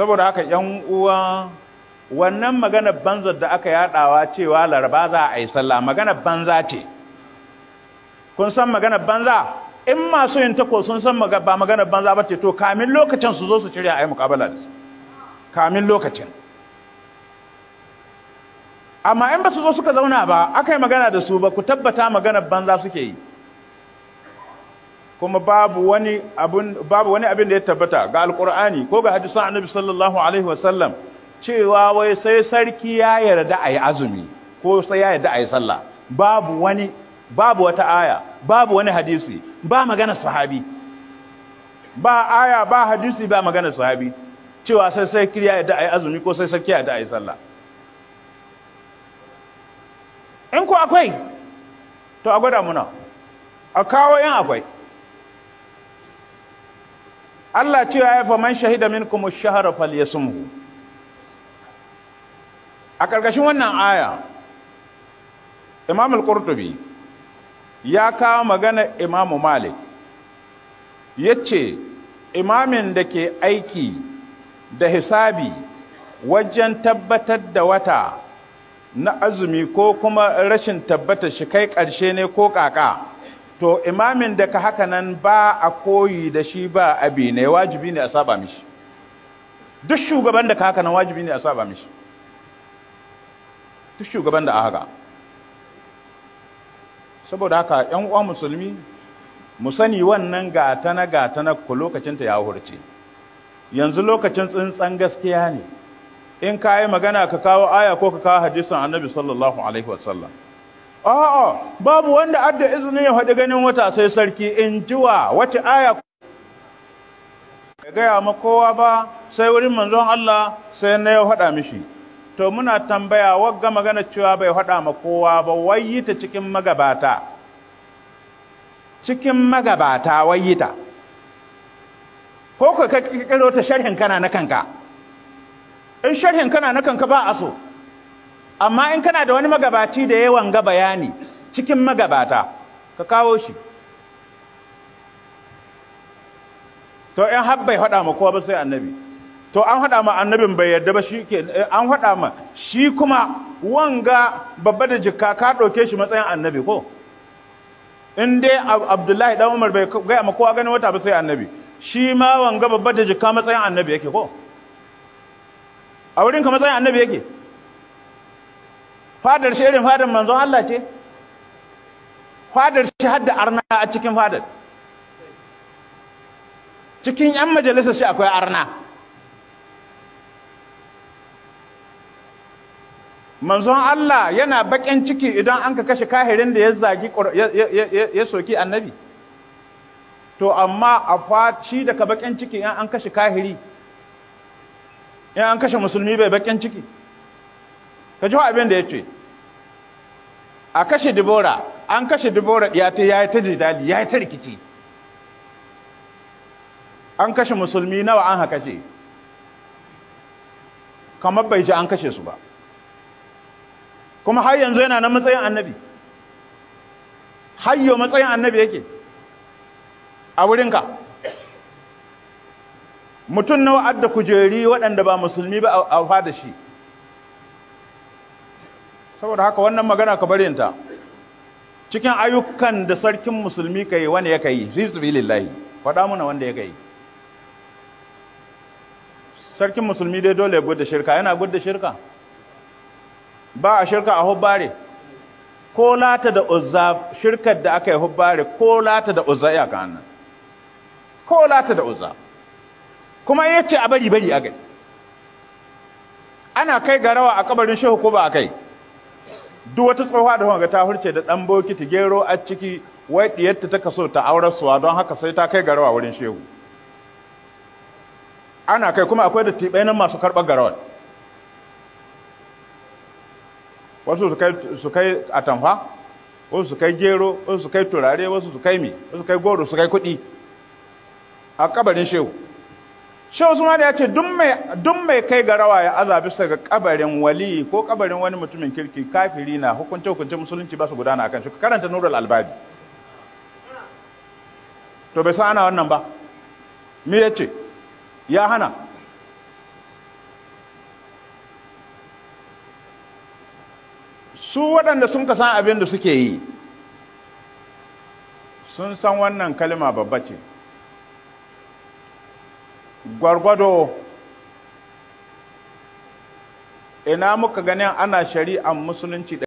saboda haka yan uwa wannan magana banzar da aka yadawa cewa laraba za a yi sallah magana banza ce kun san magana banza in masu yin tako sun san ba magana banza ba ce to kamin lokacin su zo su cire a yi mukabala da su kamin lokacin amma in ba su zo suka zauna ba aka yi magana da su ba ku tabbata magana banza suke yi kuma babu wani abin babu wani abin da ya tabbata ga alqur'ani ko ga hadisan annabi sallallahu alaihi wasallam cewa wai sai sarki ya yarda ayi azumi ko sai ya yarda ayi sallah babu wani babu wata aya babu wani hadisi ba magana sahabi ba aya ba hadisi ba magana sahabi cewa sai sai kiriya da ayi azumi ko sai sakiya da ayi sallah in ko akwai to a gwada muna a kawo 'yan akwai Allah cewa ya fa man shahida minkum ash-shahra falyasumhu a ƙarƙashin wannan aya Imam al-Qurtubi ya kawo magana Imam Malik Ya ce imamin da ke aiki da hisabi wajen tabbatar da wata na azumi ko kuma rashin tabbatar shi kai ƙarshe ne ko ƙaƙa to imamin da ka haka nan ba a koyi da shi ba abi ne wajibi ne a saba mishi duk shugaban da ka haka nan wajibi ne a saba mishi duk shugaban da a haka saboda haka yan uwa musulmi mu sani wannan gata na ku lokacinta ya hurce yanzu lokacin tsintsan gaskiya ne in ka yi magana ka kawo aya ko ka kawo hadisin annabi sallallahu alaihi wasallam a'a babu wanda adda izinin ya faɗi ganin wata sai sarki in jiwa wace aya ya gaya ma kowa ba sai wurin manzon Allah sai na ya faɗa mishi to muna tambaya wagga magana cewa bai faɗa ma kowa ba wayi ta cikin magabata cikin magabata wayi ta ko ka kirkiro ta sharhin kana na kanka in sharhin kana na kanka ba a so amma in kana da wani magabaci da yawan ga bayani cikin magabata ka kawo shi to in har bai haɗa ma kowa ba sai annabi to an haɗa ma annabin bai yarda ba shi ke eh, an haɗa ma shi kuma wanga babba da jikka ka ɗauke shi matsayin annabi ko in dai abdullahi dan umar bai gaya ma kowa ganin wata ba sai annabi shi ma wanga babba da jikka matsayin annabi yake ko a wurin ka matsayin annabi yake fadar shi irin fadar manzon Allah ce fadar shi hadda arna a cikin fadar cikin yan majalisar shi akwai arna manzon Allah yana baƙin ciki idan an ka kashe kahirin da ya zagi ya soki annabi to amma a fashi daga bakin ciki in an kashe kahiri yan an kashe musulmi bai bakin ciki ka ji abin da ya ce a kashe dibora an kashe dibora ya ta yi ta jidali yi ta rikici an kashe musulmi nawa an haka ce kamar bai ji an kashe su ba kuma har yanzu yana na matsayin annabi hayyo matsayin annabi yake a wurinka mutum nawa adda kujeri waɗanda ba musulmi ba a fada shi saboda haka wannan magana ka bari ta cikin ayyukan da sarkin musulmi kai wani ya kai rizbilillahi faɗa muna wanda ya kai sarkin musulmi dai dole ya gudda shirka yana gudda shirka ba a shirka a hubbare ko lata da uzza shirkar da aka yi hubbare ko lata da uzza ya kan nan ko lata da uzza kuma yace a bari bari a gai ana kai garawa a kabarin shehu ko ba a kai duk wata tsohuwa da wanga ta hurce da ɗan bokiti gero a ciki wai ɗiyarta ta kaso ta aurar suwa don haka sai ta kai garawa wurin shehu ana kai kuma akwai da tibai nan masu karɓar garawar wasu su kai atamfa wasu su kai gero wasu su kai turare wasu su kai mi wasu su kai goro su kai kuɗi a kabarin shehu Shehu usman ya ce duk mai kai ga rawa ya aza bisa ga kabarin wali ko kabarin wani mutumin kirki kafiri na hukunce hukunce musulunci ba su gudana akan shi karanta nurul albabi to bai san ana wannan ba me yace ya hana su waɗanda sun ka san abin da suke yi sun san wannan kalma babba ce gwargwado ina muka ganin ana shari'an musulunci